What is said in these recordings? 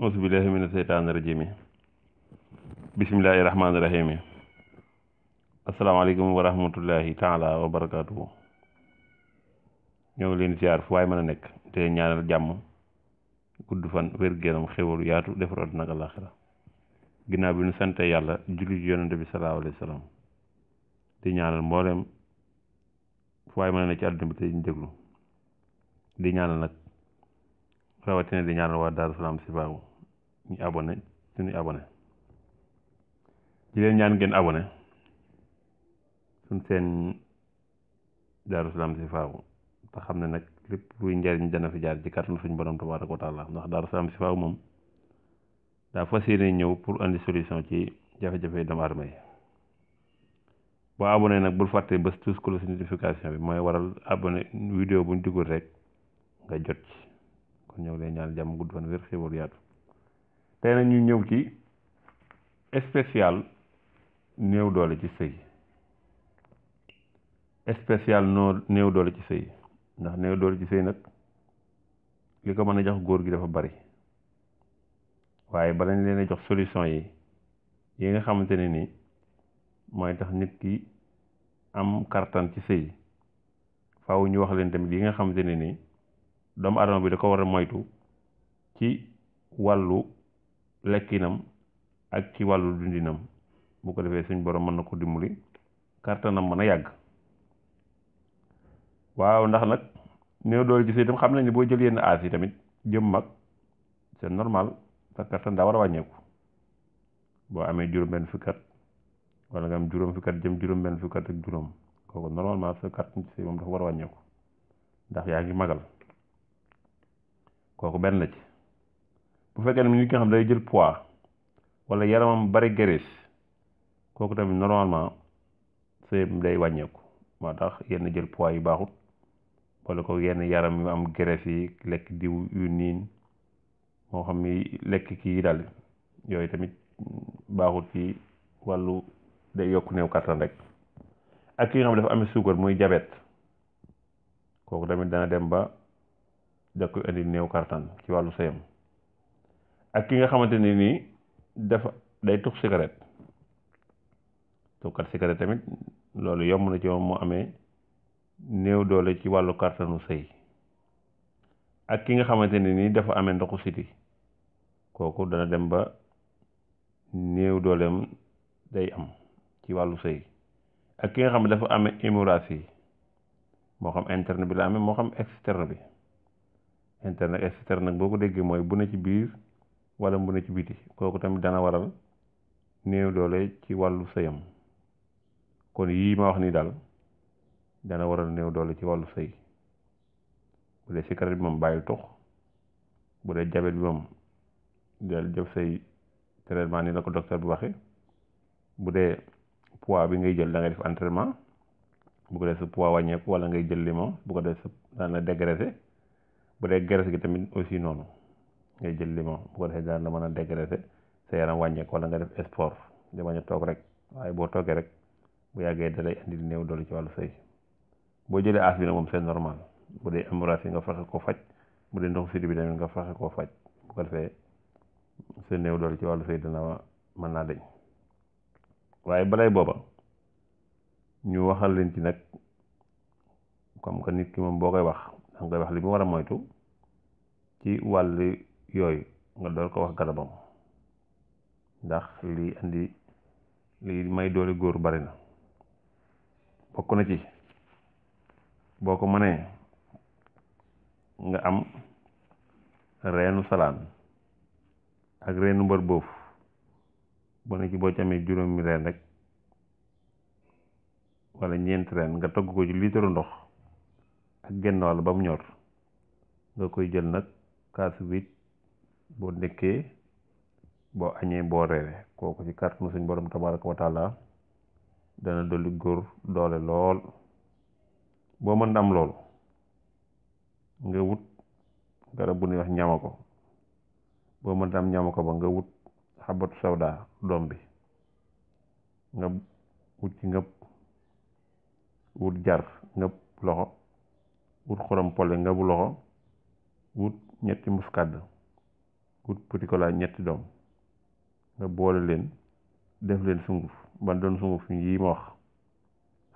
auzubillahi mina seytaani rajimi bismillahi rahmaani rahimi asalaamaaleykum wa rahmatullahi taala wa barakaatuhu ñoo leen ziar fu waay mën a nekk te ñaanal jàmm gudd fan wér-gu-yaram xéwal yaatu defar àddina ak àllaaxira ginnaaw bi ñu sante yàlla julli ci yonente bi salallaahu alayhi wa sallam di ñaanal mboolem fu waay mën a nekk ci àdduna bi te ñu di ñaanal nag rawatina di ñaanal waa Daaru Salaam ñu abonné suñuy abonné di leen ñaan ngeen abonné suñ seen Daaru Salaam Chifaou te xam ne nag lépp luy njariñ dana fi jaar ci kàttanu suñu borom tabaaraka wa taala ndax Daaru Salaam Chifaou moom daa fas yéene ñëw pour indi solution ci jafe-jafe doomu aadama boo abonné nag bul fàtte bés tous cloche notification bi mooy waral abonné vidéo bu ñu dugal rek nga jot ci kon ñëw leen ñaan jàmm gudd fan wér xéwal yaatu tey nag ñu ñëw ci spécial néew doole ci sëy spécial noo néew doole ci sëy ndax néew doole ci sëy nag li ko mën a jox góor gi dafa bari waaye bala ñu leen a jox solution yi yi nga xamante ne ni mooy tax nit ki am kartan ci sëy faw ñu wax leen tamit yi nga xamante ne ni doomu adama bi da ko war a moytu ci wàllu lekkinam ak ci wàllu dundinam bu ko defee suñ borom mën na ko dimbali kàttanam mën a yàgg waaw ndax nag néew doole ci sëy xam nañ ne boo jël yenn aas yi tamit jëm mag c'est normal sa kàttan daa war a wàññeeku boo amee juróom-benn fukkat wala nga am juróom fukkat jëm juróom-benn juróom kooku normalement sa kàttan ci sëy moom dafa war a wàññeeku ndax yaa ngi magal kooku benn ci bu fekkee ne nit ki nga xam day jël pois wala yaramam bari graisse kooku tamit normalement sëyam day wàññeeku moo tax yenn jël pois yu baaxut wala ko yenn yaram yu am graisse yi lekk diw yu niin moo xam ni lekk kii dal yooyu tamit baaxut ci wàllu day yokk new kattan rek ak ki nga xam dafa ame suukar muy jabet kooku tamit dana dem ba da koy indi néew kartan ci wàllu sëyam ak ki nga xamante ni nii dafa day tux cigarette tuxkat cigarette tamit loolu yomb na ci moom mu amee néew doole ci wàllu kàttanu sëy ak ki nga xamante ni nii dafa amee ndoxu siti kooku dana dem ba néew doolem day am ci wàllu sëy ak ki nga xam ne dafa amee hémorragie moo xam interne bi la amee moo xam externe bi interne ak externe nag boo ko déggee mooy bu ne ci biir wala mu ci biti kooku tamit dana waral néew doole ci wàllu sëyam kon yii ma wax nii daal dana waral néew doole ci wàllu sëy bu dee sikkarat bi moom bàyyil tux bu dee jabet bi moom del jëf say traitement ni la ko docteur bi waxee bu dee poids bi ngay jël da ngay def entraînement bu ko def sa poids wàññeeku wala ngay jël limon bu ko def sa daan la dégraisser bu dee graisse gi tamit aussi noonu ngay jël limon bu ko daan la mën a dégraisser sa yaram wàññeeku nga def sport di a toog rek waaye boo toogee rek bu yàggee dalay indi néew doole ci wàllu sëy boo jëlee aas bi nag moom nga fexe koo faj bu dee ndox siti bi tamit nga faxe koo faj bu ko defee sa néew doole ci wàllu sëy dana mën naa dañ waaye balay booba ñu waxal leen ci nag comme que nit ki moom boo koy wax danga koy wax li mu war a moytu ci wàllu yooyu nga door ko wax garabam ndax lii indi lii may doole góor bari na bokk na ci boo ko mënee nga am reenu salaan ak reenu mbër boof bu ne ci boo ci amee juróomi reen rek wala ñeenti reen nga togg ko ci liitaru ndox ak genn wàll ba ñor nga koy jël nag kaasu wit boo ndékkee boo añee boo reere kooku ci kàttanu suñ borom tabaraka wa taala dana dolli góor doole lool boo mën am loolu nga wut garab bu ñuy wax ñama ko boo mën am ñama ko ba nga wut xabatu sawda doom bi nga wut ci ngëpp wut jar ngëpp loxo wut xorom pole ngëbu loxo wut ñetti muskàdd ut putikolaa ñetti doom nga boole leen def leen sunguf ban doon sunguf yi ma wax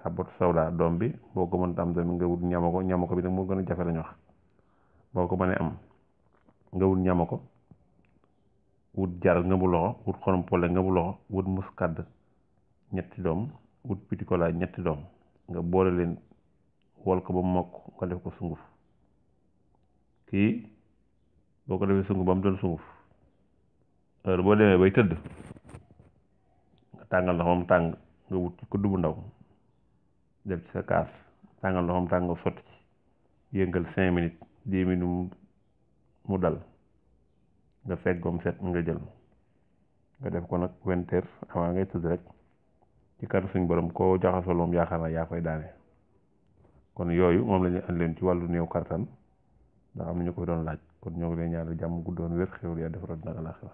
xabatu sawda doom bi boo ko mënta am tamit nga wut ñama bi nag moo gën a jafe lañu boo ko mënee am nga wut ñama ko wut jaral nga bu loxo wut xorom pole nga bu loxo wut muskàdd ñetti doom wut pitikolaa ñetti doom nga boole leen wol ko ba mokk nga def ko sunguf kii boo ko defee sunguf ba mu doon sunguf heure boo demee bay tëdd nga tàngal ndox moom tàng nga wut kudd bu ndaw def ci sa kaas tàngal ndox moom tàng nga sotti ci yëngal cinq minutes mu nga set nga jël nga def ko nag vingt heures avant ngay tëdd rek ci kàddu suñ borom koo jaxasoo loom yaakaar naa yaa koy daane kon yooyu moom la ñu leen ci wàllu néew kartan ndax am na ñu ko doon laaj kon ñoo ngi lay ñaanal doon guddoon wér xéwal yaa defaroon naka laaxira